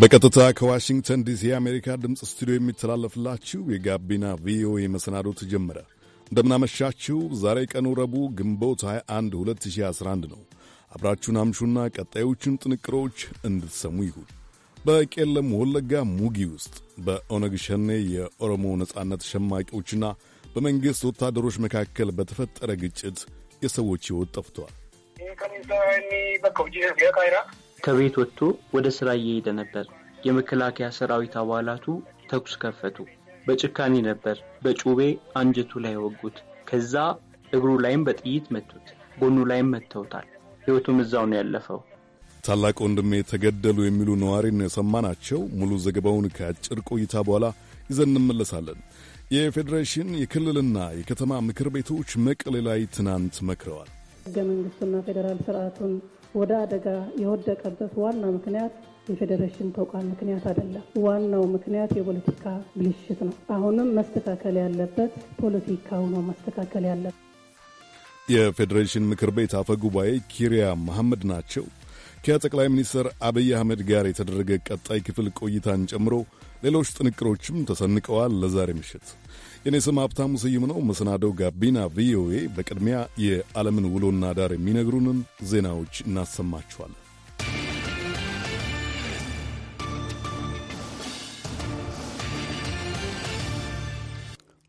በቀጥታ ከዋሽንግተን ዲሲ የአሜሪካ ድምፅ ስቱዲዮ የሚተላለፍላችሁ የጋቢና ቪኦኤ መሰናዶ ተጀመረ። እንደምናመሻችሁ። ዛሬ ቀኑ ረቡዕ ግንቦት 21 2011 ነው። አብራችሁን አምሹና ቀጣዮቹን ጥንቅሮች እንድትሰሙ ይሁን። በቄለም ወለጋ ሙጊ ውስጥ በኦነግ ሸኔ የኦሮሞ ነጻነት ሸማቂዎችና በመንግሥት ወታደሮች መካከል በተፈጠረ ግጭት የሰዎች ሕይወት ጠፍቷል። ከቤት ወጥቶ ወደ ስራ እየሄደ ነበር። የመከላከያ ሰራዊት አባላቱ ተኩስ ከፈቱ። በጭካኔ ነበር በጩቤ አንጀቱ ላይ ወጉት። ከዛ እግሩ ላይም በጥይት መቱት። ጎኑ ላይም መተውታል። ሕይወቱም እዛው ነው ያለፈው። ታላቅ ወንድሜ ተገደሉ የሚሉ ነዋሪን የሰማናቸው። ሙሉ ዘገባውን ከአጭር ቆይታ በኋላ ይዘን እንመለሳለን። የፌዴሬሽን የክልልና የከተማ ምክር ቤቶች መቀሌ ላይ ትናንት መክረዋል። ህገ መንግስቱና ፌዴራል ስርዓቱን ወደ አደጋ የወደቀበት ዋና ምክንያት የፌዴሬሽን ተቋም ምክንያት አይደለም። ዋናው ምክንያት የፖለቲካ ብልሽት ነው። አሁንም መስተካከል ያለበት ፖለቲካው ነው መስተካከል ያለበት። የፌዴሬሽን ምክር ቤት አፈ ጉባኤ ኪሪያ መሐመድ ናቸው። ከጠቅላይ ሚኒስትር አብይ አህመድ ጋር የተደረገ ቀጣይ ክፍል ቆይታን ጨምሮ ሌሎች ጥንቅሮችም ተሰንቀዋል። ለዛሬ ምሽት የኔ ስም ሀብታሙ ስይም ነው። መሰናደው ጋቢና ቪኦኤ። በቅድሚያ የዓለምን ውሎና ዳር የሚነግሩንን ዜናዎች እናሰማችኋለን።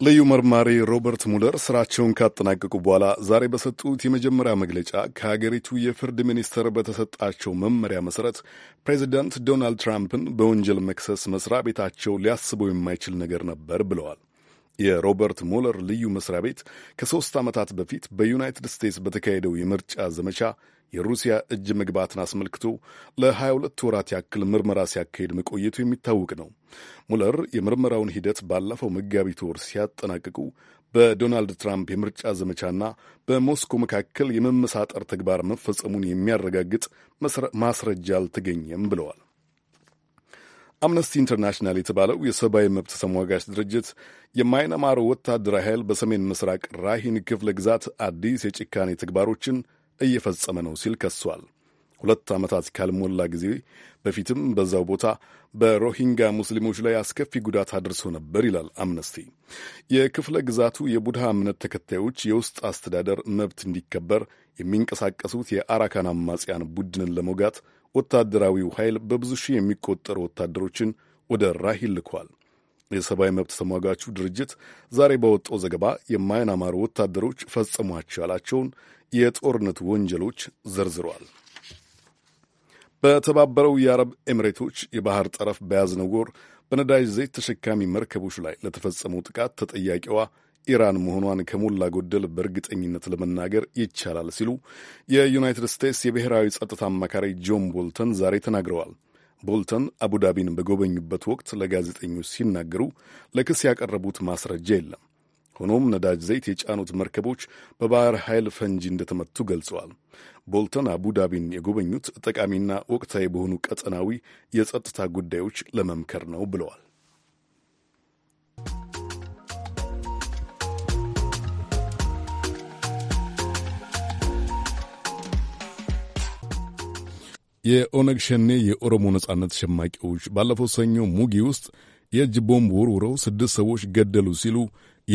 ልዩ መርማሪ ሮበርት ሙለር ስራቸውን ካጠናቀቁ በኋላ ዛሬ በሰጡት የመጀመሪያ መግለጫ ከሀገሪቱ የፍርድ ሚኒስቴር በተሰጣቸው መመሪያ መሰረት ፕሬዚዳንት ዶናልድ ትራምፕን በወንጀል መክሰስ መስሪያ ቤታቸው ሊያስበው የማይችል ነገር ነበር ብለዋል። የሮበርት ሙለር ልዩ መስሪያ ቤት ከሦስት ዓመታት በፊት በዩናይትድ ስቴትስ በተካሄደው የምርጫ ዘመቻ የሩሲያ እጅ መግባትን አስመልክቶ ለ22 ወራት ያክል ምርመራ ሲያካሄድ መቆየቱ የሚታወቅ ነው። ሙለር የምርመራውን ሂደት ባለፈው መጋቢት ወር ሲያጠናቅቁ በዶናልድ ትራምፕ የምርጫ ዘመቻና በሞስኮ መካከል የመመሳጠር ተግባር መፈጸሙን የሚያረጋግጥ ማስረጃ አልተገኘም ብለዋል። አምነስቲ ኢንተርናሽናል የተባለው የሰብአዊ መብት ተሟጋች ድርጅት የማይናማር ወታደራዊ ኃይል በሰሜን ምስራቅ ራሂን ክፍለ ግዛት አዲስ የጭካኔ ተግባሮችን እየፈጸመ ነው ሲል ከሷል። ሁለት ዓመታት ካልሞላ ጊዜ በፊትም በዛው ቦታ በሮሂንጋ ሙስሊሞች ላይ አስከፊ ጉዳት አድርሶ ነበር ይላል አምነስቲ። የክፍለ ግዛቱ የቡድሃ እምነት ተከታዮች የውስጥ አስተዳደር መብት እንዲከበር የሚንቀሳቀሱት የአራካን አማጽያን ቡድንን ለመውጋት ወታደራዊው ኃይል በብዙ ሺህ የሚቆጠሩ ወታደሮችን ወደ ራሂል ልኳል። የሰብአዊ መብት ተሟጋቹ ድርጅት ዛሬ በወጣው ዘገባ የማይናማሩ ወታደሮች ፈጸሟቸው ያላቸውን የጦርነት ወንጀሎች ዘርዝሯል። በተባበረው የአረብ ኤምሬቶች የባህር ጠረፍ በያዝነው ወር በነዳጅ ዘይት ተሸካሚ መርከቦች ላይ ለተፈጸመው ጥቃት ተጠያቂዋ ኢራን መሆኗን ከሞላ ጎደል በእርግጠኝነት ለመናገር ይቻላል ሲሉ የዩናይትድ ስቴትስ የብሔራዊ ጸጥታ አማካሪ ጆን ቦልተን ዛሬ ተናግረዋል። ቦልተን አቡዳቢን በጎበኙበት ወቅት ለጋዜጠኞች ሲናገሩ ለክስ ያቀረቡት ማስረጃ የለም። ሆኖም ነዳጅ ዘይት የጫኑት መርከቦች በባህር ኃይል ፈንጂ እንደተመቱ ገልጸዋል። ቦልተን አቡዳቢን የጎበኙት ጠቃሚና ወቅታዊ በሆኑ ቀጠናዊ የጸጥታ ጉዳዮች ለመምከር ነው ብለዋል። የኦነግ ሸኔ የኦሮሞ ነጻነት ሸማቂዎች ባለፈው ሰኞ ሙጊ ውስጥ የእጅ ቦምብ ወርውረው ስድስት ሰዎች ገደሉ ሲሉ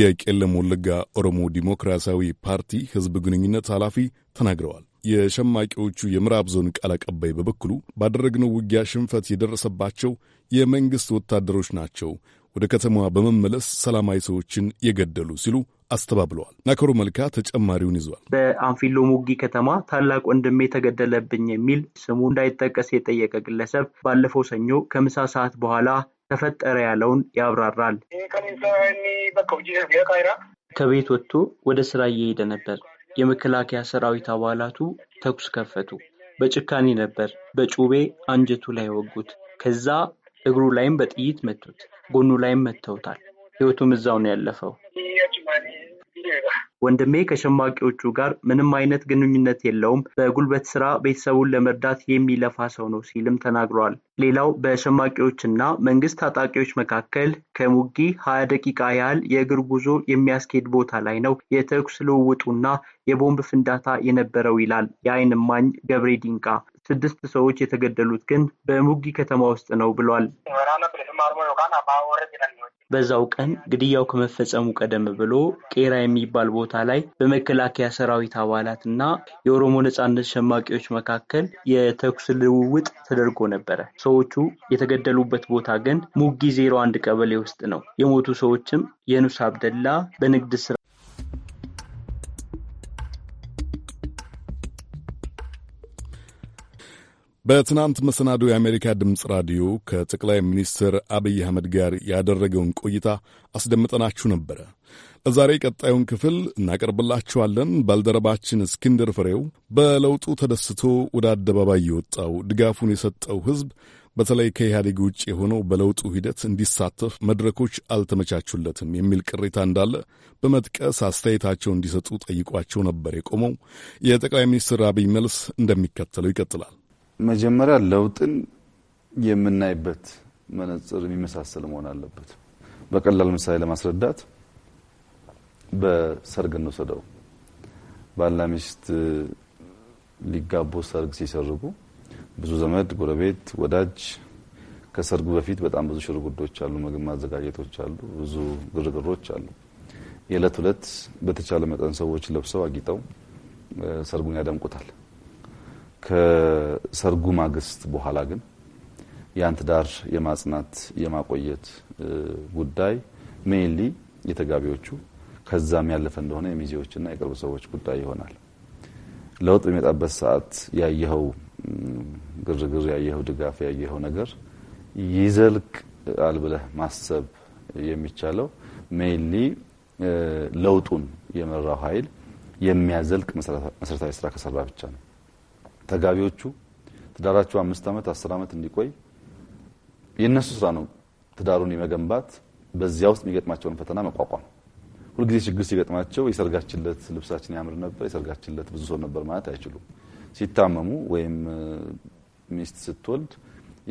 የቄለም ወለጋ ኦሮሞ ዲሞክራሲያዊ ፓርቲ ሕዝብ ግንኙነት ኃላፊ ተናግረዋል። የሸማቂዎቹ የምዕራብ ዞን ቃል አቀባይ በበኩሉ ባደረግነው ውጊያ ሽንፈት የደረሰባቸው የመንግሥት ወታደሮች ናቸው ወደ ከተማዋ በመመለስ ሰላማዊ ሰዎችን የገደሉ ሲሉ አስተባብለዋል። ናከሮ መልካ ተጨማሪውን ይዟል። በአንፊሎ ሙጊ ከተማ ታላቅ ወንድሜ ተገደለብኝ የሚል ስሙ እንዳይጠቀስ የጠየቀ ግለሰብ ባለፈው ሰኞ ከምሳ ሰዓት በኋላ ተፈጠረ ያለውን ያብራራል። ከቤት ወጥቶ ወደ ስራ እየሄደ ነበር። የመከላከያ ሰራዊት አባላቱ ተኩስ ከፈቱ። በጭካኔ ነበር በጩቤ አንጀቱ ላይ ወጉት። ከዛ እግሩ ላይም በጥይት መቱት። ጎኑ ላይም መተውታል ህይወቱም እዛው ነው ያለፈው። ወንድሜ ከሸማቂዎቹ ጋር ምንም አይነት ግንኙነት የለውም፣ በጉልበት ስራ ቤተሰቡን ለመርዳት የሚለፋ ሰው ነው ሲልም ተናግሯል። ሌላው በሸማቂዎችና መንግስት ታጣቂዎች መካከል ከሙጊ ሀያ ደቂቃ ያህል የእግር ጉዞ የሚያስኬድ ቦታ ላይ ነው የተኩስ ልውውጡና የቦምብ ፍንዳታ የነበረው ይላል የአይን እማኝ ገብሬ ዲንቃ። ስድስት ሰዎች የተገደሉት ግን በሙጊ ከተማ ውስጥ ነው ብሏል። በዛው ቀን ግድያው ከመፈጸሙ ቀደም ብሎ ቄራ የሚባል ቦታ ላይ በመከላከያ ሰራዊት አባላት እና የኦሮሞ ነጻነት ሸማቂዎች መካከል የተኩስ ልውውጥ ተደርጎ ነበረ። ሰዎቹ የተገደሉበት ቦታ ግን ሙጊ ዜሮ አንድ ቀበሌ ውስጥ ነው። የሞቱ ሰዎችም የኑስ አብደላ በንግድ ስራ በትናንት መሰናዶ የአሜሪካ ድምፅ ራዲዮ ከጠቅላይ ሚኒስትር አብይ አህመድ ጋር ያደረገውን ቆይታ አስደምጠናችሁ ነበረ። ለዛሬ ቀጣዩን ክፍል እናቀርብላችኋለን። ባልደረባችን እስክንድር ፍሬው በለውጡ ተደስቶ ወደ አደባባይ የወጣው ድጋፉን የሰጠው ሕዝብ በተለይ ከኢህአዴግ ውጭ የሆነው በለውጡ ሂደት እንዲሳተፍ መድረኮች አልተመቻቹለትም የሚል ቅሬታ እንዳለ በመጥቀስ አስተያየታቸው እንዲሰጡ ጠይቋቸው ነበር የቆመው። የጠቅላይ ሚኒስትር አብይ መልስ እንደሚከተለው ይቀጥላል። መጀመሪያ ለውጥን የምናይበት መነጽር የሚመሳሰል መሆን አለበት። በቀላል ምሳሌ ለማስረዳት በሰርግ እንውሰደው። ባልና ሚስት ሊጋቡ ሰርግ ሲሰርጉ ብዙ ዘመድ፣ ጎረቤት፣ ወዳጅ ከሰርጉ በፊት በጣም ብዙ ሽርጉዶች አሉ፣ ምግብ ማዘጋጀቶች አሉ፣ ብዙ ግርግሮች አሉ። የዕለት ሁለት በተቻለ መጠን ሰዎች ለብሰው አጊጠው ሰርጉን ያደምቁታል። ከሰርጉ ማግስት በኋላ ግን ያን ትዳር የማጽናት የማቆየት ጉዳይ ሜይንሊ የተጋቢዎቹ ከዛም ያለፈ እንደሆነ የሚዜዎችና የቅርብ ሰዎች ጉዳይ ይሆናል። ለውጥ በሚመጣበት ሰዓት ያየኸው ግርግር፣ ያየኸው ድጋፍ፣ ያየኸው ነገር ይዘልቅ አልብለህ ማሰብ የሚቻለው ሜይንሊ ለውጡን የመራው ኃይል የሚያዘልቅ መሰረታዊ ስራ ከሰራ ብቻ ነው። ተጋቢዎቹ ትዳራቸው አምስት ዓመት አስር ዓመት እንዲቆይ የእነሱ ስራ ነው። ትዳሩን የመገንባት በዚያ ውስጥ የሚገጥማቸውን ፈተና መቋቋም። ሁልጊዜ ችግር ሲገጥማቸው የሰርጋችለት ልብሳችን ያምር ነበር፣ የሰርጋችንለት ብዙ ሰው ነበር ማለት አይችሉም። ሲታመሙ ወይም ሚስት ስትወልድ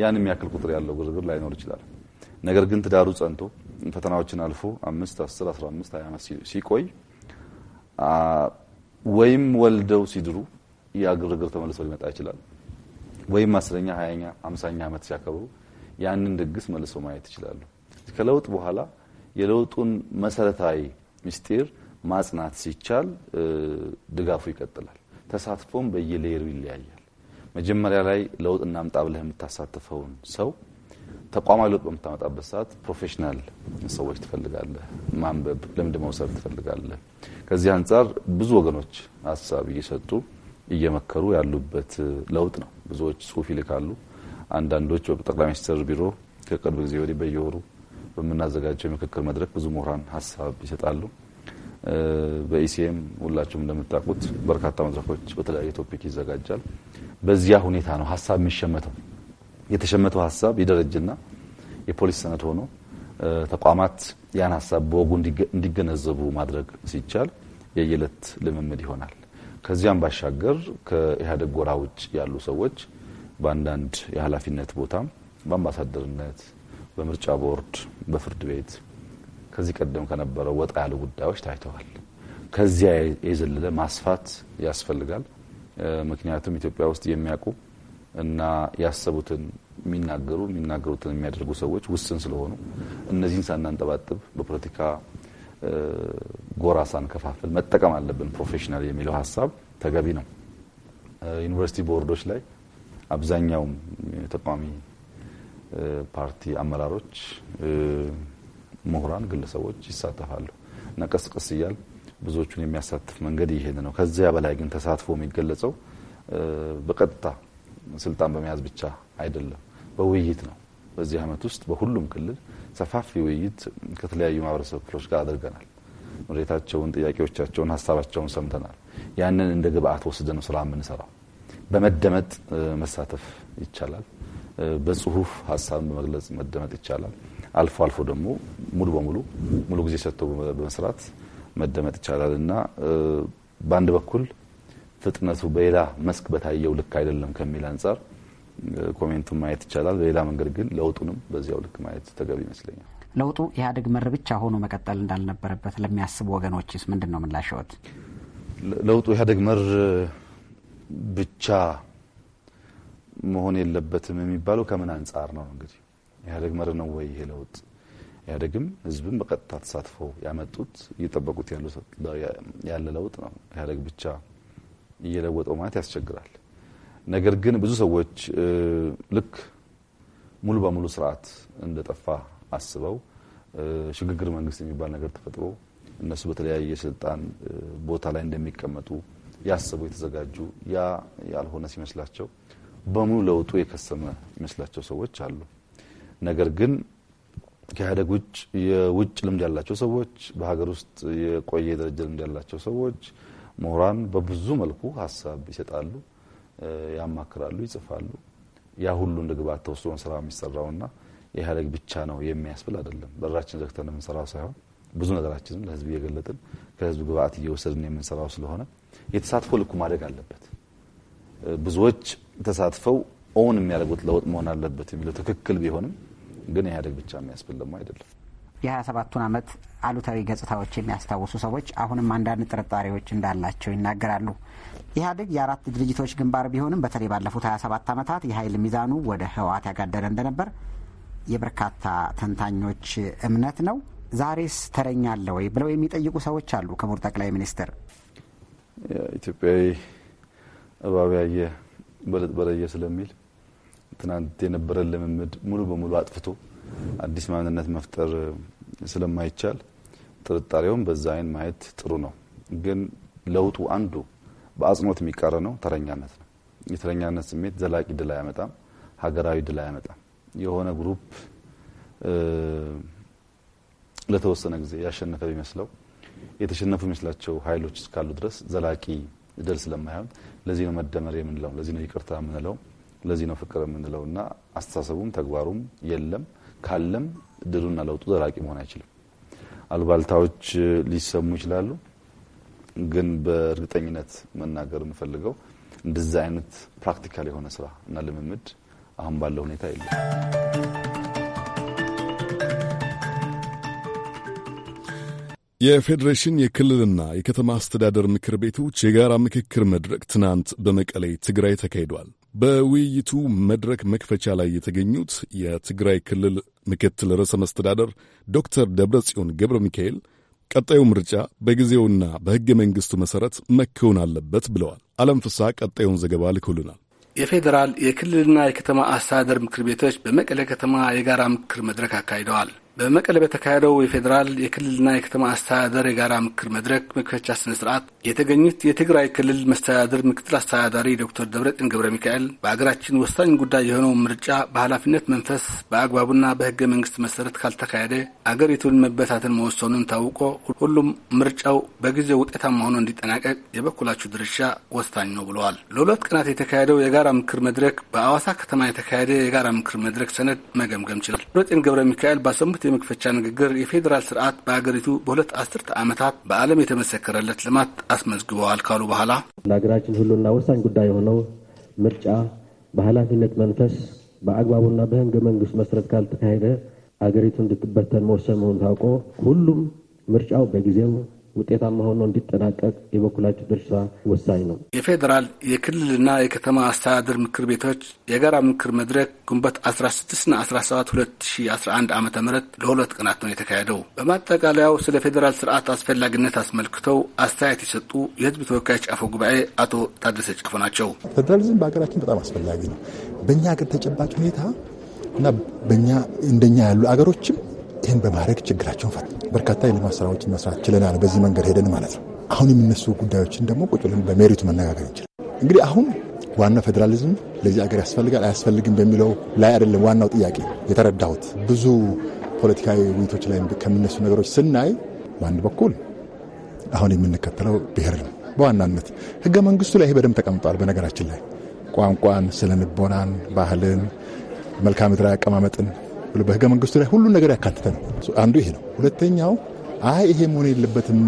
ያን የሚያክል ቁጥር ያለው ግርግር ላይኖር ይችላል። ነገር ግን ትዳሩ ጸንቶ ፈተናዎችን አልፎ አምስት አስር አስራ አምስት ሀያ ዓመት ሲቆይ ወይም ወልደው ሲድሩ ያ ግርግር ተመልሶ ሊመጣ ይችላል። ወይም አስረኛ ሀያኛ አምሳኛ ዓመት ሲያከብሩ ያንን ድግስ መልሶ ማየት ይችላሉ። ከለውጥ በኋላ የለውጡን መሰረታዊ ምስጢር ማጽናት ሲቻል ድጋፉ ይቀጥላል። ተሳትፎም በየሌሩ ይለያያል። መጀመሪያ ላይ ለውጥ እናምጣ ብለህ የምታሳትፈውን ሰው ተቋማዊ ለውጥ በምታመጣበት ሰዓት ፕሮፌሽናል ሰዎች ትፈልጋለህ። ማንበብ፣ ልምድ መውሰድ ትፈልጋለህ። ከዚህ አንጻር ብዙ ወገኖች ሀሳብ እየሰጡ እየመከሩ ያሉበት ለውጥ ነው። ብዙዎች ጽሁፍ ይልካሉ። አንዳንዶች በጠቅላይ ሚኒስትር ቢሮ ከቅርብ ጊዜ ወዲህ በየወሩ በምናዘጋጀው የምክክር መድረክ ብዙ ምሁራን ሀሳብ ይሰጣሉ። በኢሲኤም ሁላችሁም እንደምታውቁት በርካታ መድረኮች በተለያዩ ቶፒክ ይዘጋጃል። በዚያ ሁኔታ ነው ሀሳብ የሚሸመተው። የተሸመተው ሀሳብ ይደረጅና የፖሊስ ሰነድ ሆኖ ተቋማት ያን ሀሳብ በወጉ እንዲገነዘቡ ማድረግ ሲቻል የየዕለት ልምምድ ይሆናል። ከዚያም ባሻገር ከኢህአዴግ ጎራ ውጭ ያሉ ሰዎች በአንዳንድ የኃላፊነት ቦታ በአምባሳደርነት፣ በምርጫ ቦርድ፣ በፍርድ ቤት ከዚህ ቀደም ከነበረው ወጣ ያሉ ጉዳዮች ታይተዋል። ከዚያ የዘለለ ማስፋት ያስፈልጋል። ምክንያቱም ኢትዮጵያ ውስጥ የሚያውቁ እና ያሰቡትን የሚናገሩ የሚናገሩትን የሚያደርጉ ሰዎች ውስን ስለሆኑ እነዚህን ሳናንጠባጥብ በፖለቲካ ጎራ ሳንከፋፍል መጠቀም አለብን። ፕሮፌሽናል የሚለው ሀሳብ ተገቢ ነው። ዩኒቨርሲቲ ቦርዶች ላይ አብዛኛውም የተቃዋሚ ፓርቲ አመራሮች፣ ምሁራን፣ ግለሰቦች ይሳተፋሉ እና ቀስ ቀስ እያል ብዙዎቹን የሚያሳትፍ መንገድ ይሄን ነው። ከዚያ በላይ ግን ተሳትፎ የሚገለጸው በቀጥታ ስልጣን በመያዝ ብቻ አይደለም፣ በውይይት ነው። በዚህ ዓመት ውስጥ በሁሉም ክልል ሰፋፊ ውይይት ከተለያዩ ማህበረሰብ ክፍሎች ጋር አድርገናል። ምሬታቸውን፣ ጥያቄዎቻቸውን፣ ሀሳባቸውን ሰምተናል። ያንን እንደ ግብአት ወስደን ነው ስራ የምንሰራው። በመደመጥ መሳተፍ ይቻላል። በጽሁፍ ሀሳብን በመግለጽ መደመጥ ይቻላል። አልፎ አልፎ ደግሞ ሙሉ በሙሉ ሙሉ ጊዜ ሰጥቶ በመስራት መደመጥ ይቻላል እና በአንድ በኩል ፍጥነቱ በሌላ መስክ በታየው ልክ አይደለም ከሚል አንጻር ኮሜንቱን ማየት ይቻላል። በሌላ መንገድ ግን ለውጡንም በዚያው ልክ ማየት ተገቢ ይመስለኛል። ለውጡ ኢህአዴግ መር ብቻ ሆኖ መቀጠል እንዳልነበረበት ለሚያስቡ ወገኖችስ ምንድን ነው ምላሽዎት? ለውጡ ኢህአዴግ መር ብቻ መሆን የለበትም የሚባለው ከምን አንጻር ነው? እንግዲህ ኢህአዴግ መር ነው ወይ ይሄ ለውጥ? ኢህአዴግም ህዝብን በቀጥታ ተሳትፎ ያመጡት እየጠበቁት ያለ ለውጥ ነው። ኢህአዴግ ብቻ እየለወጠው ማለት ያስቸግራል። ነገር ግን ብዙ ሰዎች ልክ ሙሉ በሙሉ ስርዓት እንደጠፋ አስበው ሽግግር መንግስት የሚባል ነገር ተፈጥሮ እነሱ በተለያየ ስልጣን ቦታ ላይ እንደሚቀመጡ ያስቡ የተዘጋጁ ያ ያልሆነ ሲመስላቸው በሙሉ ለውጡ የከሰመ ይመስላቸው ሰዎች አሉ። ነገር ግን ከኢህአዴግ ውጭ የውጭ ልምድ ያላቸው ሰዎች፣ በሀገር ውስጥ የቆየ ደረጃ ልምድ ያላቸው ሰዎች፣ ምሁራን በብዙ መልኩ ሀሳብ ይሰጣሉ። ያማክራሉ፣ ይጽፋሉ። ያ ሁሉ እንደ ተወስዶን ስራ የሚሰራውና የኢህአዴግ ብቻ ነው የሚያስብል አይደለም። በራችን ዘግተን የምንሰራው ሳይሆን ብዙ ነገራችንም ለህዝብ እየገለጥን ከህዝብ ግብአት እየወሰድን የምንሰራው ስለሆነ የተሳትፎ ልኩ ማደግ አለበት። ብዙዎች ተሳትፈው ኦውን የሚያደርጉት ለውጥ መሆን አለበት የሚለው ትክክል ቢሆንም ግን ኢህአዴግ ብቻ የሚያስብል ደግሞ አይደለም። የ27ቱን ዓመት አሉታዊ ገጽታዎች የሚያስታውሱ ሰዎች አሁንም አንዳንድ ጥርጣሬዎች እንዳላቸው ይናገራሉ። ኢህአዴግ የአራት ድርጅቶች ግንባር ቢሆንም በተለይ ባለፉት 27 ዓመታት የኃይል ሚዛኑ ወደ ህወሓት ያጋደለ እንደነበር የበርካታ ተንታኞች እምነት ነው። ዛሬስ ተረኛ አለ ወይ ብለው የሚጠይቁ ሰዎች አሉ። ክቡር ጠቅላይ ሚኒስትር ኢትዮጵያዊ እባብ ያየ በለጥ በለየ ስለሚል ትናንት የነበረን ልምምድ ሙሉ በሙሉ አጥፍቶ አዲስ ማንነት መፍጠር ስለማይቻል ጥርጣሬውን በዛ አይን ማየት ጥሩ ነው። ግን ለውጡ አንዱ በአጽንኦት የሚቃረነው ተረኛነት ነው። የተረኛነት ስሜት ዘላቂ ድል አያመጣም፣ ሀገራዊ ድል አያመጣም። የሆነ ግሩፕ ለተወሰነ ጊዜ ያሸነፈ ቢመስለው የተሸነፉ ይመስላቸው ኃይሎች እስካሉ ድረስ ዘላቂ ድል ስለማይሆን ለዚህ ነው መደመር የምንለው፣ ለዚህ ነው ይቅርታ የምንለው፣ ለዚህ ነው ፍቅር የምንለው እና አስተሳሰቡም ተግባሩም የለም። ካለም ድሉና ለውጡ ዘላቂ መሆን አይችልም። አልባልታዎች ሊሰሙ ይችላሉ፣ ግን በእርግጠኝነት መናገር የምፈልገው እንደዛ አይነት ፕራክቲካል የሆነ ስራ እና ልምምድ አሁን ባለው ሁኔታ የለም። የፌዴሬሽን የክልልና የከተማ አስተዳደር ምክር ቤቶች የጋራ ምክክር መድረክ ትናንት በመቀሌ ትግራይ ተካሂዷል። በውይይቱ መድረክ መክፈቻ ላይ የተገኙት የትግራይ ክልል ምክትል ርዕሰ መስተዳደር ዶክተር ደብረጽዮን ገብረ ሚካኤል ቀጣዩ ምርጫ በጊዜውና በሕገ መንግሥቱ መሠረት መከውን አለበት ብለዋል። አለም ፍሳ ቀጣዩን ዘገባ ልኮልናል። የፌዴራል የክልልና የከተማ አስተዳደር ምክር ቤቶች በመቀለ ከተማ የጋራ ምክር መድረክ አካሂደዋል። በመቀለ በተካሄደው የፌዴራል የክልልና የከተማ አስተዳደር የጋራ ምክር መድረክ መክፈቻ ስነ ስርዓት የተገኙት የትግራይ ክልል መስተዳደር ምክትል አስተዳዳሪ ዶክተር ደብረጤን ገብረ ሚካኤል በሀገራችን ወሳኝ ጉዳይ የሆነው ምርጫ በኃላፊነት መንፈስ በአግባቡና በህገ መንግስት መሰረት ካልተካሄደ አገሪቱን መበታተን መወሰኑን ታውቆ ሁሉም ምርጫው በጊዜው ውጤታማ ሆኖ እንዲጠናቀቅ የበኩላችሁ ድርሻ ወሳኝ ነው ብለዋል። ለሁለት ቀናት የተካሄደው የጋራ ምክር መድረክ በአዋሳ ከተማ የተካሄደ የጋራ ምክር መድረክ ሰነድ መገምገም ችላል። ደብረጤን ገብረ ሚካኤል ባሰሙት የመክፈቻ ንግግር የፌዴራል ስርዓት በሀገሪቱ በሁለት አስርተ ዓመታት በዓለም የተመሰከረለት ልማት አስመዝግበዋል ካሉ በኋላ ለሀገራችን ሁሉና ወሳኝ ጉዳይ የሆነው ምርጫ በኃላፊነት መንፈስ በአግባቡና በህገ መንግስት መሰረት ካልተካሄደ ሀገሪቱ እንድትበተን መወሰን መሆኑ ታውቆ ሁሉም ምርጫው በጊዜው ውጤታማ ሆኖ እንዲጠናቀቅ የበኩላቸው ድርሻ ወሳኝ ነው። የፌዴራል የክልልና የከተማ አስተዳደር ምክር ቤቶች የጋራ ምክር መድረክ ግንቦት 16ና 17 2011 ዓ ም ለሁለት ቀናት ነው የተካሄደው። በማጠቃለያው ስለ ፌዴራል ስርዓት አስፈላጊነት አስመልክተው አስተያየት የሰጡ የህዝብ ተወካዮች አፈ ጉባኤ አቶ ታደሰ ጫፎ ናቸው። ፌዴራሊዝም በሀገራችን በጣም አስፈላጊ ነው። በእኛ ሀገር ተጨባጭ ሁኔታ እና በእኛ እንደኛ ያሉ አገሮችም ይህን በማድረግ ችግራቸውን ፈ በርካታ የልማት ስራዎችን መስራት ችለናል። በዚህ መንገድ ሄደን ማለት ነው። አሁን የሚነሱ ጉዳዮችን ደግሞ ቁጭ ብለን በሜሪቱ መነጋገር እንችላል። እንግዲህ አሁን ዋናው ፌዴራሊዝም ለዚህ ሀገር ያስፈልጋል አያስፈልግም በሚለው ላይ አይደለም ዋናው ጥያቄ። የተረዳሁት ብዙ ፖለቲካዊ ውይይቶች ላይ ከሚነሱ ነገሮች ስናይ በአንድ በኩል አሁን የምንከተለው ብሔር ነው በዋናነት ህገ መንግስቱ ላይ ይሄ በደንብ ተቀምጧል። በነገራችን ላይ ቋንቋን፣ ስነ ልቦናን፣ ባህልን፣ መልክዓ ምድራዊ አቀማመጥን በህገ መንግስቱ ላይ ሁሉን ነገር ያካተተ ነው። አንዱ ይሄ ነው። ሁለተኛው አይ ይሄ መሆን የለበትም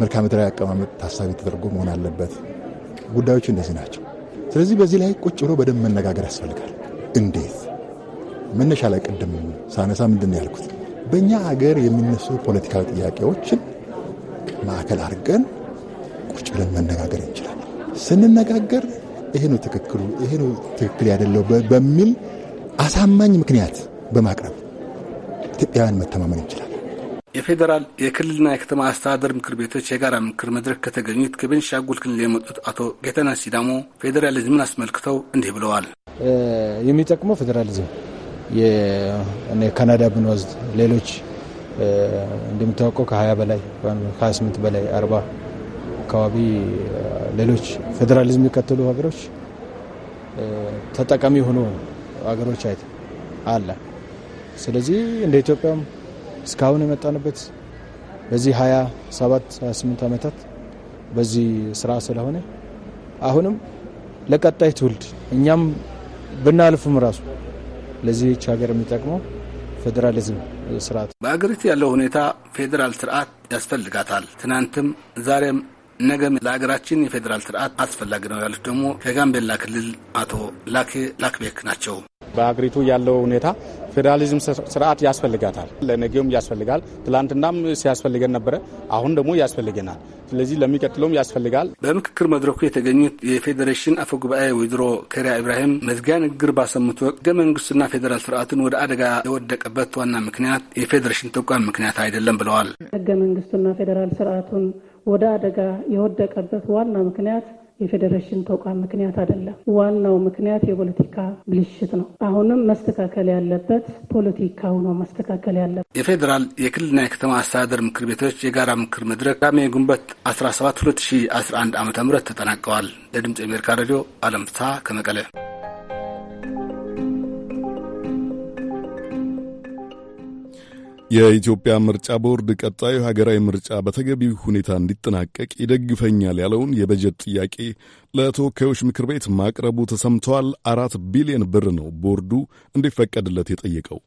መልክዓ ምድራዊ አቀማመጥ ታሳቢ ተደርጎ መሆን አለበት። ጉዳዮቹ እንደዚህ ናቸው። ስለዚህ በዚህ ላይ ቁጭ ብሎ በደንብ መነጋገር ያስፈልጋል። እንዴት መነሻ ላይ ቅድም ሳነሳ ምንድን ያልኩት በእኛ ሀገር የሚነሱ ፖለቲካዊ ጥያቄዎችን ማዕከል አድርገን ቁጭ ብለን መነጋገር እንችላለን። ስንነጋገር ይሄ ነው ትክክሉ፣ ይሄ ነው ትክክል ያደለው በሚል አሳማኝ ምክንያት በማቅረብ ኢትዮጵያውያን መተማመን እንችላል። የፌዴራል የክልልና የከተማ አስተዳደር ምክር ቤቶች የጋራ ምክር መድረክ ከተገኙት ከቤንሻንጉል ክልል የመጡት አቶ ጌተነ ሲዳሞ ፌዴራሊዝምን አስመልክተው እንዲህ ብለዋል። የሚጠቅመው ፌዴራሊዝም ካናዳ ብንወስድ ሌሎች እንደምታውቀው ከ20 በላይ ከ28 በላይ 40 አካባቢ ሌሎች ፌዴራሊዝም የሚከተሉ ሀገሮች ተጠቃሚ ሆኖ ሀገሮች አይት አለ። ስለዚህ እንደ ኢትዮጵያም እስካሁን የመጣንበት በዚህ 27 28 ዓመታት በዚህ ስራ ስለሆነ አሁንም ለቀጣይ ትውልድ እኛም ብናልፍም ራሱ ለዚህች ሀገር የሚጠቅመው ፌዴራሊዝም ስርዓት በአገሪቱ ያለው ሁኔታ ፌዴራል ስርዓት ያስፈልጋታል። ትናንትም ዛሬም ነገም ለሀገራችን የፌዴራል ስርዓት አስፈላጊ ነው ያሉት ደግሞ ከጋምቤላ ክልል አቶ ላክ ላክቤክ ናቸው። በሀገሪቱ ያለው ሁኔታ ፌዴራሊዝም ስርዓት ያስፈልጋታል፣ ለነገውም ያስፈልጋል። ትላንትናም ሲያስፈልገን ነበረ፣ አሁን ደግሞ ያስፈልገናል። ስለዚህ ለሚቀጥለውም ያስፈልጋል። በምክክር መድረኩ የተገኙት የፌዴሬሽን አፈ ጉባኤ ወይዘሮ ከሪያ ኢብራሂም መዝጊያ ንግግር ባሰሙት ወቅት ህገ መንግስትና ፌዴራል ስርዓቱን ወደ አደጋ የወደቀበት ዋና ምክንያት የፌዴሬሽን ተቋም ምክንያት አይደለም ብለዋል። ህገ መንግስቱና ፌዴራል ስርዓቱን ወደ አደጋ የወደቀበት ዋና ምክንያት የፌዴሬሽን ተቋም ምክንያት አይደለም። ዋናው ምክንያት የፖለቲካ ብልሽት ነው። አሁንም መስተካከል ያለበት ፖለቲካው ነው መስተካከል ያለበት። የፌዴራል የክልልና የከተማ አስተዳደር ምክር ቤቶች የጋራ ምክር መድረክ ቅዳሜ ግንቦት 17 2011 ዓ ም ተጠናቀዋል። ለድምፅ የአሜሪካ ሬዲዮ አለም ከመቀለ የኢትዮጵያ ምርጫ ቦርድ ቀጣዩ ሀገራዊ ምርጫ በተገቢ ሁኔታ እንዲጠናቀቅ ይደግፈኛል ያለውን የበጀት ጥያቄ ለተወካዮች ምክር ቤት ማቅረቡ ተሰምተዋል። አራት ቢሊዮን ብር ነው ቦርዱ እንዲፈቀድለት የጠየቀው።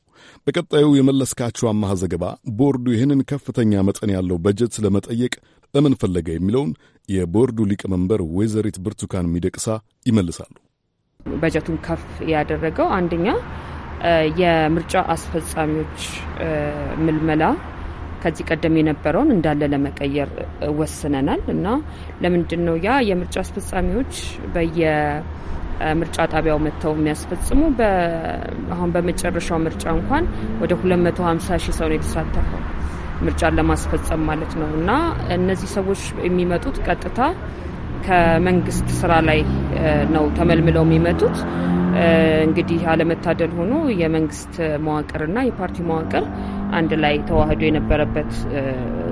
በቀጣዩ የመለስካቸው አማሃ ዘገባ ቦርዱ ይህንን ከፍተኛ መጠን ያለው በጀት ለመጠየቅ ለምን ፈለገ የሚለውን የቦርዱ ሊቀመንበር ወይዘሪት ብርቱካን ሚደቅሳ ይመልሳሉ። በጀቱን ከፍ ያደረገው አንደኛ የምርጫ አስፈጻሚዎች ምልመላ ከዚህ ቀደም የነበረውን እንዳለ ለመቀየር ወስነናል እና ለምንድን ነው ያ የምርጫ አስፈጻሚዎች በየምርጫ ጣቢያው መጥተው የሚያስፈጽሙ አሁን በመጨረሻው ምርጫ እንኳን ወደ 250 ሺህ ሰው ነው የተሳተፈው ምርጫን ለማስፈጸም ማለት ነው እና እነዚህ ሰዎች የሚመጡት ቀጥታ ከመንግስት ስራ ላይ ነው ተመልምለው የሚመጡት እንግዲህ አለመታደል ሆኖ የመንግስት መዋቅርና የፓርቲ መዋቅር አንድ ላይ ተዋህዶ የነበረበት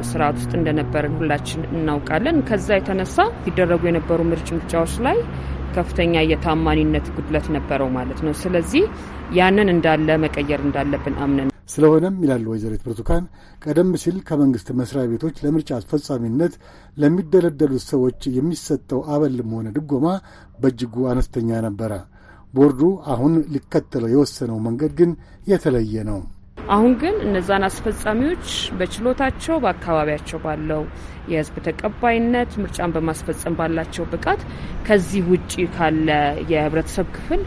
ስርዓት ውስጥ እንደነበርን ሁላችን እናውቃለን። ከዛ የተነሳ ሲደረጉ የነበሩ ምርጫዎች ላይ ከፍተኛ የታማኒነት ጉድለት ነበረው ማለት ነው። ስለዚህ ያንን እንዳለ መቀየር እንዳለብን አምነን ስለሆነም ይላሉ ወይዘሪት ብርቱካን ቀደም ሲል ከመንግስት መስሪያ ቤቶች ለምርጫ አስፈጻሚነት ለሚደለደሉት ሰዎች የሚሰጠው አበልም ሆነ ድጎማ በእጅጉ አነስተኛ ነበረ። ቦርዱ አሁን ሊከተለው የወሰነው መንገድ ግን የተለየ ነው። አሁን ግን እነዛን አስፈጻሚዎች በችሎታቸው በአካባቢያቸው ባለው የህዝብ ተቀባይነት ምርጫን በማስፈጸም ባላቸው ብቃት ከዚህ ውጪ ካለ የህብረተሰብ ክፍል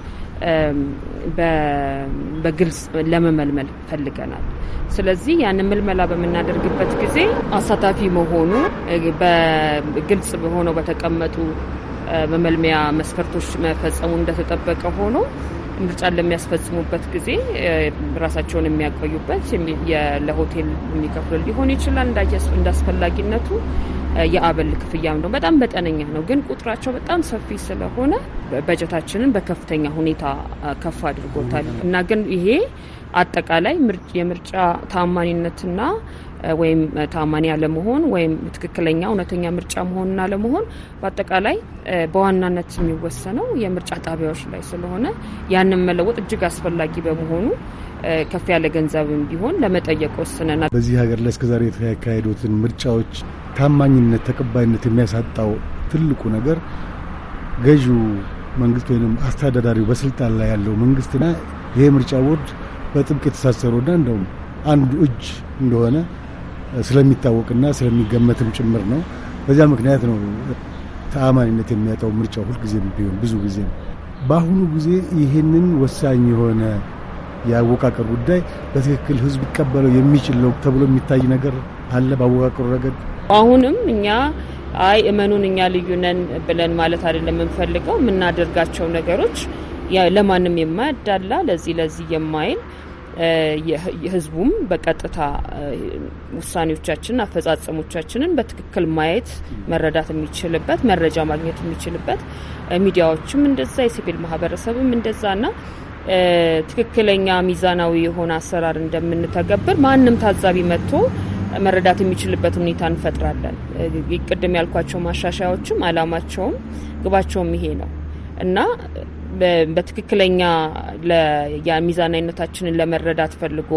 በግልጽ ለመመልመል ፈልገናል። ስለዚህ ያንን ምልመላ በምናደርግበት ጊዜ አሳታፊ መሆኑ በግልጽ በሆነው በተቀመጡ መመልሚያ መስፈርቶች መፈጸሙ እንደተጠበቀ ሆኖ ምርጫን ለሚያስፈጽሙበት ጊዜ ራሳቸውን የሚያቆዩበት ለሆቴል የሚከፍሉ ሊሆን ይችላል። እንዳስፈላጊነቱ አስፈላጊነቱ የአበል ክፍያም ነው። በጣም መጠነኛ ነው፣ ግን ቁጥራቸው በጣም ሰፊ ስለሆነ በጀታችንን በከፍተኛ ሁኔታ ከፍ አድርጎታል እና ግን ይሄ አጠቃላይ የምርጫ ታማኒነትና ወይም ታማኒ አለመሆን ወይም ትክክለኛ እውነተኛ ምርጫ መሆኑን አለመሆን በአጠቃላይ በዋናነት የሚወሰነው የምርጫ ጣቢያዎች ላይ ስለሆነ ያንን መለወጥ እጅግ አስፈላጊ በመሆኑ ከፍ ያለ ገንዘብም ቢሆን ለመጠየቅ ወስነናል። በዚህ ሀገር ላይ እስከዛሬ የተካሄዱትን ምርጫዎች ታማኝነት፣ ተቀባይነት የሚያሳጣው ትልቁ ነገር ገዢው መንግስት ወይም አስተዳዳሪው በስልጣን ላይ ያለው መንግስትና ይሄ ምርጫ ቦርድ በጥብቅ የተሳሰሩና እንደውም አንዱ እጅ እንደሆነ ስለሚታወቅና ስለሚገመትም ጭምር ነው። በዚያ ምክንያት ነው ተአማኒነት የሚያጣው ምርጫው ሁልጊዜም ቢሆን ብዙ ጊዜ በአሁኑ ጊዜ ይህንን ወሳኝ የሆነ የአወቃቀር ጉዳይ በትክክል ህዝብ ይቀበለው የሚችል ነው ተብሎ የሚታይ ነገር አለ። በአወቃቀሩ ረገድ አሁንም እኛ አይ እመኑን እኛ ልዩ ነን ብለን ማለት አይደለም የምንፈልገው። የምናደርጋቸው ነገሮች ለማንም የማያዳላ ለዚህ ለዚህ የማይል ህዝቡም በቀጥታ ውሳኔዎቻችንን አፈጻጸሞቻችንን በትክክል ማየት መረዳት የሚችልበት መረጃ ማግኘት የሚችልበት ሚዲያዎችም እንደዛ የሲቪል ማህበረሰብም ና ትክክለኛ ሚዛናዊ የሆነ አሰራር እንደምንተገብር ማንም ታዛቢ መጥቶ መረዳት የሚችልበት ሁኔታ እንፈጥራለን። ቅድም ያልኳቸው ማሻሻያዎችም አላማቸውም ግባቸውም ይሄ ነው እና በትክክለኛ የሚዛናዊነታችንን ለመረዳት ፈልጎ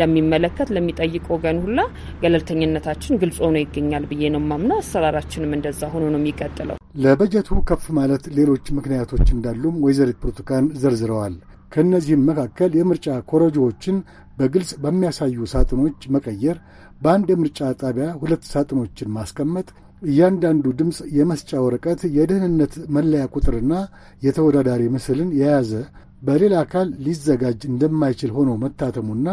ለሚመለከት ለሚጠይቅ ወገን ሁላ ገለልተኝነታችን ግልጽ ሆኖ ይገኛል ብዬ ነው ማምና። አሰራራችንም እንደዛ ሆኖ ነው የሚቀጥለው። ለበጀቱ ከፍ ማለት ሌሎች ምክንያቶች እንዳሉም ወይዘሪት ብርቱካን ዘርዝረዋል። ከእነዚህም መካከል የምርጫ ኮረጆዎችን በግልጽ በሚያሳዩ ሳጥኖች መቀየር፣ በአንድ የምርጫ ጣቢያ ሁለት ሳጥኖችን ማስቀመጥ፣ እያንዳንዱ ድምፅ የመስጫ ወረቀት የደህንነት መለያ ቁጥርና የተወዳዳሪ ምስልን የያዘ በሌላ አካል ሊዘጋጅ እንደማይችል ሆኖ መታተሙና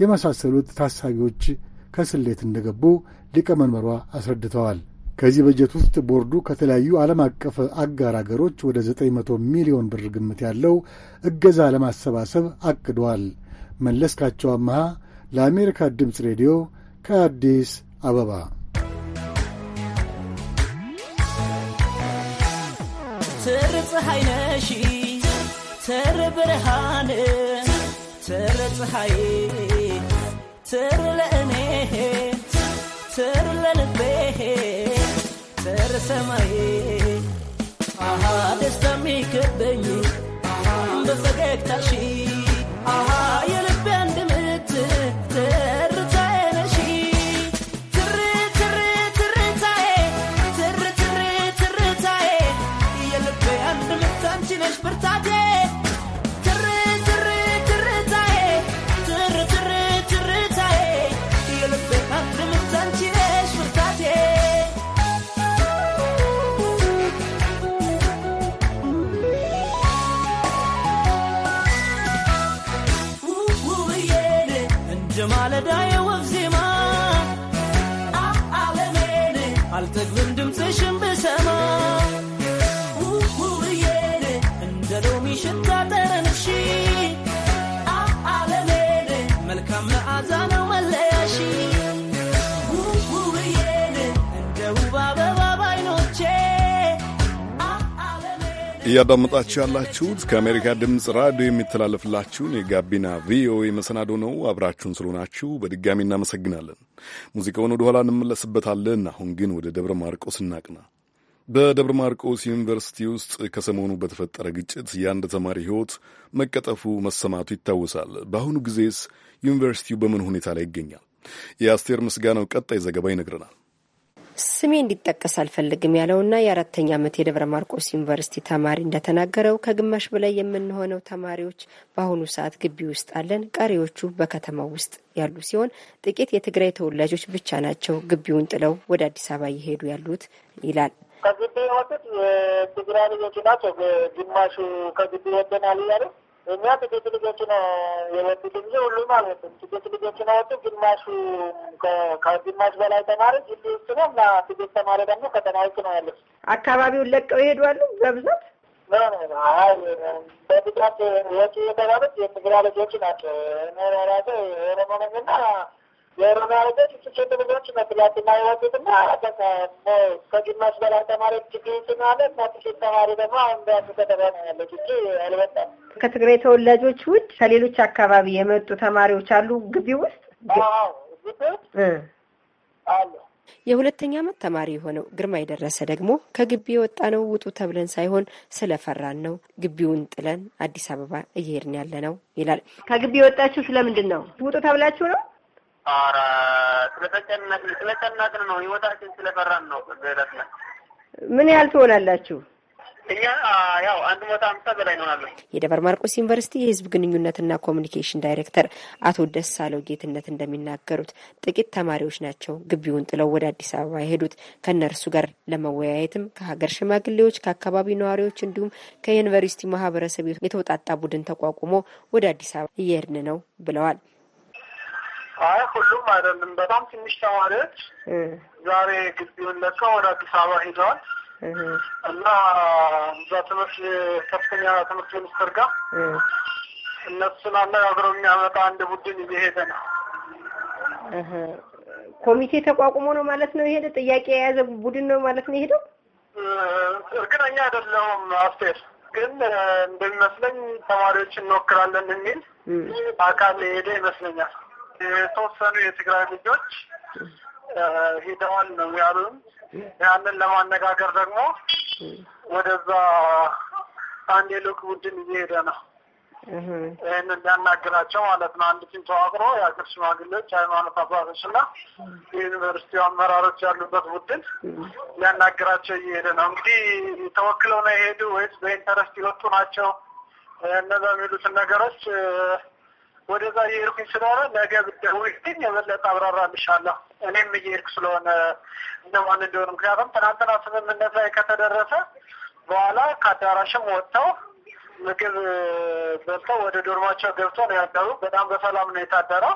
የመሳሰሉት ታሳቢዎች ከስሌት እንደገቡ ሊቀመንበሯ አስረድተዋል። ከዚህ በጀት ውስጥ ቦርዱ ከተለያዩ ዓለም አቀፍ አጋር አገሮች ወደ 900 ሚሊዮን ብር ግምት ያለው እገዛ ለማሰባሰብ አቅዷል። መለስካቸው አመሃ ለአሜሪካ ድምፅ ሬዲዮ ከአዲስ አበባ ትር ፀሐይ ነሽ! ትር ብርሃን ትር ፀሐይ ትር ለእኔ ትር ለልቤ ትር ሰማይ አሃ ደስታ የሚከበኝ በፈገግታሺ አሃ አይጠግብም ድምፅሽን ብሰማ እንደ ሎሚ ሽታ ጠረንሽ እያዳመጣችሁ ያላችሁት ከአሜሪካ ድምፅ ራዲዮ የሚተላለፍላችሁን የጋቢና ቪኦኤ መሰናዶ ነው። አብራችሁን ስለሆናችሁ በድጋሚ እናመሰግናለን። ሙዚቃውን ወደ ኋላ እንመለስበታለን። አሁን ግን ወደ ደብረ ማርቆስ እናቅና። በደብረ ማርቆስ ዩኒቨርሲቲ ውስጥ ከሰሞኑ በተፈጠረ ግጭት የአንድ ተማሪ ሕይወት መቀጠፉ መሰማቱ ይታወሳል። በአሁኑ ጊዜስ ዩኒቨርሲቲው በምን ሁኔታ ላይ ይገኛል? የአስቴር ምስጋናው ቀጣይ ዘገባ ይነግረናል። ስሜ እንዲጠቀስ አልፈልግም ያለውና የአራተኛ ዓመት የደብረ ማርቆስ ዩኒቨርሲቲ ተማሪ እንደተናገረው ከግማሽ በላይ የምንሆነው ተማሪዎች በአሁኑ ሰዓት ግቢ ውስጥ አለን። ቀሪዎቹ በከተማው ውስጥ ያሉ ሲሆን ጥቂት የትግራይ ተወላጆች ብቻ ናቸው ግቢውን ጥለው ወደ አዲስ አበባ እየሄዱ ያሉት ይላል። ከግቢ ወጡት የትግራይ ልጆች ናቸው። ግማሹ ከግቢ ወደናል እያሉ እኛ ጥቂት ልጆችን የወጡት እንጂ ሁሉም አልወጡም። ጥቂት ልጆችን አወጡ። ግማሹ ከግማሽ በላይ ተማሪ ግቢ ውስጥ ነው እና ጥቂት ተማሪ ደግሞ ከተማ ውስጥ ነው ያለች። አካባቢውን ለቀው ይሄዳሉ በብዛት በብዛት ወጪ የተባሉት የትግራይ ልጆች ናቸው። ራሴ ኦሮሞ ነኝና የኦሮሚያ ልጆች የወጡት ና ከግማሽ በላይ እና ተማሪ ደግሞ አሁን ከተማ ነው ያለች ከትግራይ ተወላጆች ውጭ ከሌሎች አካባቢ የመጡ ተማሪዎች አሉ ግቢ ውስጥ አሉ። የሁለተኛ ዓመት ተማሪ የሆነው ግርማ የደረሰ ደግሞ ከግቢ የወጣ ነው ውጡ ተብለን ሳይሆን ስለፈራን ነው ግቢውን ጥለን አዲስ አበባ እየሄድን ያለ ነው ይላል። ከግቢ የወጣችሁ ስለምንድን ነው? ውጡ ተብላችሁ ነው ኧረ ስለተጨነቅን ስለጨነቅን ነው፣ ህይወታችን ስለፈራን ነው። ምን ያህል ትሆናላችሁ? እኛ ያው አንድ መቶ በላይ እንሆናለን። የደብረ ማርቆስ ዩኒቨርሲቲ የህዝብ ግንኙነትና ኮሚኒኬሽን ዳይሬክተር አቶ ደሳለው ጌትነት እንደሚናገሩት ጥቂት ተማሪዎች ናቸው ግቢውን ጥለው ወደ አዲስ አበባ የሄዱት። ከእነርሱ ጋር ለመወያየትም ከሀገር ሽማግሌዎች፣ ከአካባቢ ነዋሪዎች እንዲሁም ከዩኒቨርሲቲ ማህበረሰብ የተውጣጣ ቡድን ተቋቁሞ ወደ አዲስ አበባ እየሄድን ነው ብለዋል። አይ ሁሉም አይደለም። በጣም ትንሽ ተማሪዎች ዛሬ ግቢውን ለቀው ወደ አዲስ አበባ ሄደዋል እና እዛ ትምህርት ከፍተኛ ትምህርት ሚኒስትር ጋር እነሱን አነጋግሮ የሚያመጣ አንድ ቡድን እየሄደ ነው። ኮሚቴ ተቋቁሞ ነው ማለት ነው የሄደ ጥያቄ የያዘ ቡድን ነው ማለት ነው የሄደው። እርግጠኛ አይደለሁም አስቴር፣ ግን እንደሚመስለኝ ተማሪዎች እንወክራለን የሚል አካል የሄደ ይመስለኛል። የተወሰኑ የትግራይ ልጆች ሄደዋል ነው ያሉን። ያንን ለማነጋገር ደግሞ ወደዛ አንድ የልኡክ ቡድን እየሄደ ነው። ይህንን ሊያናግራቸው ማለት ነው። አንድ ቲም ተዋቅሮ የሀገር ሽማግሌዎች፣ ሃይማኖት አባቶች እና የዩኒቨርሲቲ አመራሮች ያሉበት ቡድን ሊያናግራቸው እየሄደ ነው። እንግዲህ ተወክለው ነው የሄዱ ወይስ በኢንተረስት የወጡ ናቸው? እነዛ የሚሉትን ነገሮች ወደዛ እየሄድኩኝ ስለሆነ ነገ ብትደውይልኝ የበለጠ አብራራልሻለሁ። እኔም እየሄድኩ ስለሆነ እነማን እንደሆነ ምክንያቱም ትናንትና ስምምነት ላይ ከተደረሰ በኋላ ከአዳራሽም ወጥተው ምግብ በልተው ወደ ዶርማቸው ገብቶ ነው ያደሩ። በጣም በሰላም ነው የታደረው።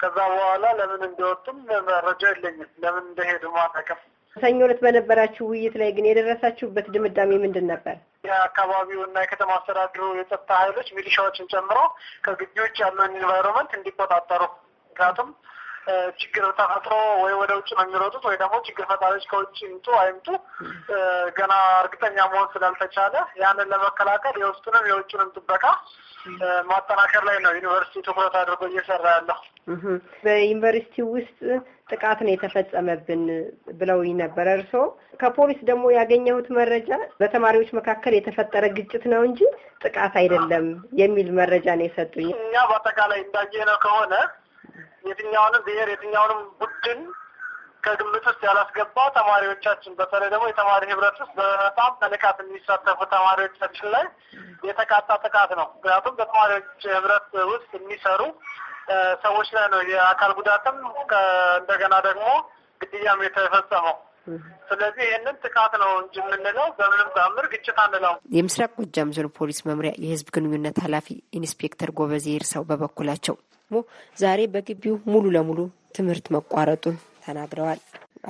ከዛ በኋላ ለምን እንደወጡም መረጃ የለኝም። ለምን እንደሄዱ አናውቅም። ሰኞ ዕለት በነበራችሁ ውይይት ላይ ግን የደረሳችሁበት ድምዳሜ ምንድን ነበር? የአካባቢው እና የከተማ አስተዳድሩ የጸጥታ ኃይሎች ሚሊሻዎችን ጨምሮ ከግቢ ውጭ ያለውን ኢንቫይሮንመንት እንዲቆጣጠሩ ምክንያቱም ችግር ተፈጥሮ ወይ ወደ ውጭ ነው የሚሮጡት ወይ ደግሞ ችግር ፈጣሪዎች ከውጭ ይምጡ አይምጡ ገና እርግጠኛ መሆን ስላልተቻለ ያንን ለመከላከል የውስጡንም የውጭንም ጥበቃ ማጠናከር ላይ ነው ዩኒቨርሲቲ ትኩረት አድርጎ እየሰራ ያለው። በዩኒቨርሲቲ ውስጥ ጥቃት ነው የተፈጸመብን ብለውኝ ነበረ። እርስዎ ከፖሊስ ደግሞ ያገኘሁት መረጃ በተማሪዎች መካከል የተፈጠረ ግጭት ነው እንጂ ጥቃት አይደለም የሚል መረጃ ነው የሰጡኝ። እኛ በአጠቃላይ እንዳየነው ከሆነ የትኛውንም ብሔር የትኛውንም ቡድን ከግምት ውስጥ ያላስገባ ተማሪዎቻችን በተለይ ደግሞ የተማሪ ህብረት ውስጥ በጣም በንቃት የሚሳተፉ ተማሪዎቻችን ላይ የተቃጣ ጥቃት ነው። ምክንያቱም በተማሪዎች ህብረት ውስጥ የሚሰሩ ሰዎች ላይ ነው የአካል ጉዳትም እንደገና ደግሞ ግድያም የተፈጸመው። ስለዚህ ይህንን ጥቃት ነው እንጂ የምንለው በምንም ተአምር ግጭት አንለው። የምስራቅ ጎጃም ዞን ፖሊስ መምሪያ የህዝብ ግንኙነት ኃላፊ ኢንስፔክተር ጎበዜ ይርሰው በበኩላቸው ደግሞ ዛሬ በግቢው ሙሉ ለሙሉ ትምህርት መቋረጡን ተናግረዋል።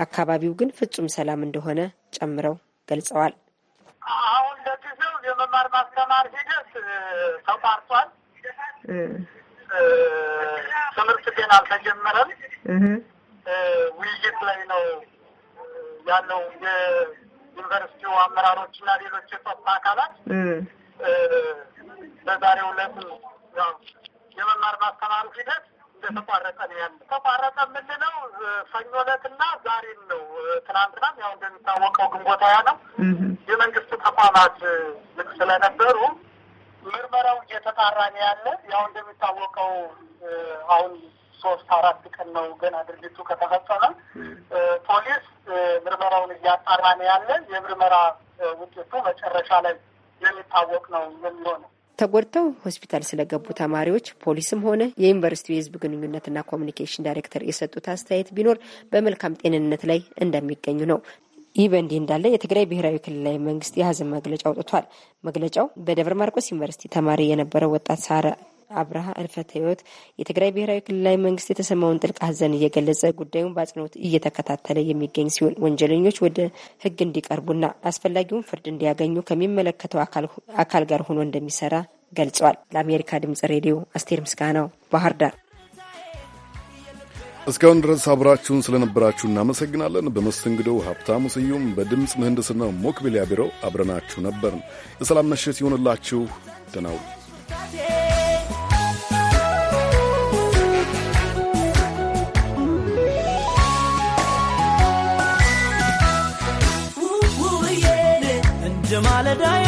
አካባቢው ግን ፍጹም ሰላም እንደሆነ ጨምረው ገልጸዋል። አሁን ለጊዜው የመማር ማስተማር ሂደት ተቋርጧል። ትምህርት ቤት አልተጀመረም። ውይይት ላይ ነው ያለው የዩኒቨርሲቲው አመራሮችና ሌሎች የጸጥታ አካላት በዛሬው ዕለት የመማር ማስተማሩ ሂደት እንደተቋረጠ ነው ያለ። ተቋረጠ የምንለው ሰኞ ዕለትና ዛሬም ነው። ትናንትናም ያው እንደሚታወቀው ግንቦት ሃያ ነው። የመንግስት ተቋማት ልቅ ስለነበሩ ምርመራው እየተጣራ ነው ያለ። ያው እንደሚታወቀው አሁን ሶስት አራት ቀን ነው ገና ድርጊቱ ከተፈጸመ። ፖሊስ ምርመራውን እያጣራ ነው ያለ። የምርመራ ውጤቱ መጨረሻ ላይ የሚታወቅ ነው የሚሆነው። ተጎድተው ሆስፒታል ስለገቡ ተማሪዎች ፖሊስም ሆነ የዩኒቨርሲቲው የህዝብ ግንኙነትና ኮሚኒኬሽን ዳይሬክተር የሰጡት አስተያየት ቢኖር በመልካም ጤንነት ላይ እንደሚገኙ ነው። ይህ በእንዲህ እንዳለ የትግራይ ብሔራዊ ክልላዊ መንግስት የሀዘን መግለጫ አውጥቷል። መግለጫው በደብረ ማርቆስ ዩኒቨርሲቲ ተማሪ የነበረው ወጣት ሳረ አብርሃ እልፈተ ህይወት የትግራይ ብሔራዊ ክልላዊ መንግስት የተሰማውን ጥልቅ ሀዘን እየገለጸ ጉዳዩን በአጽንኦት እየተከታተለ የሚገኝ ሲሆን ወንጀለኞች ወደ ህግ እንዲቀርቡና አስፈላጊውን ፍርድ እንዲያገኙ ከሚመለከተው አካል ጋር ሆኖ እንደሚሰራ ገልጿል። ለአሜሪካ ድምጽ ሬዲዮ አስቴር ምስጋናው ባህር ዳር። እስካሁን ድረስ አብራችሁን ስለነበራችሁ እናመሰግናለን። በመስተንግዶው ሀብታሙ ስዩም፣ በድምፅ ምህንድስና ሞክቢሊያ ቢሮ አብረናችሁ ነበርን። የሰላም መሸት ይሆንላችሁ። ደህና ዋሉ። Hallelujah.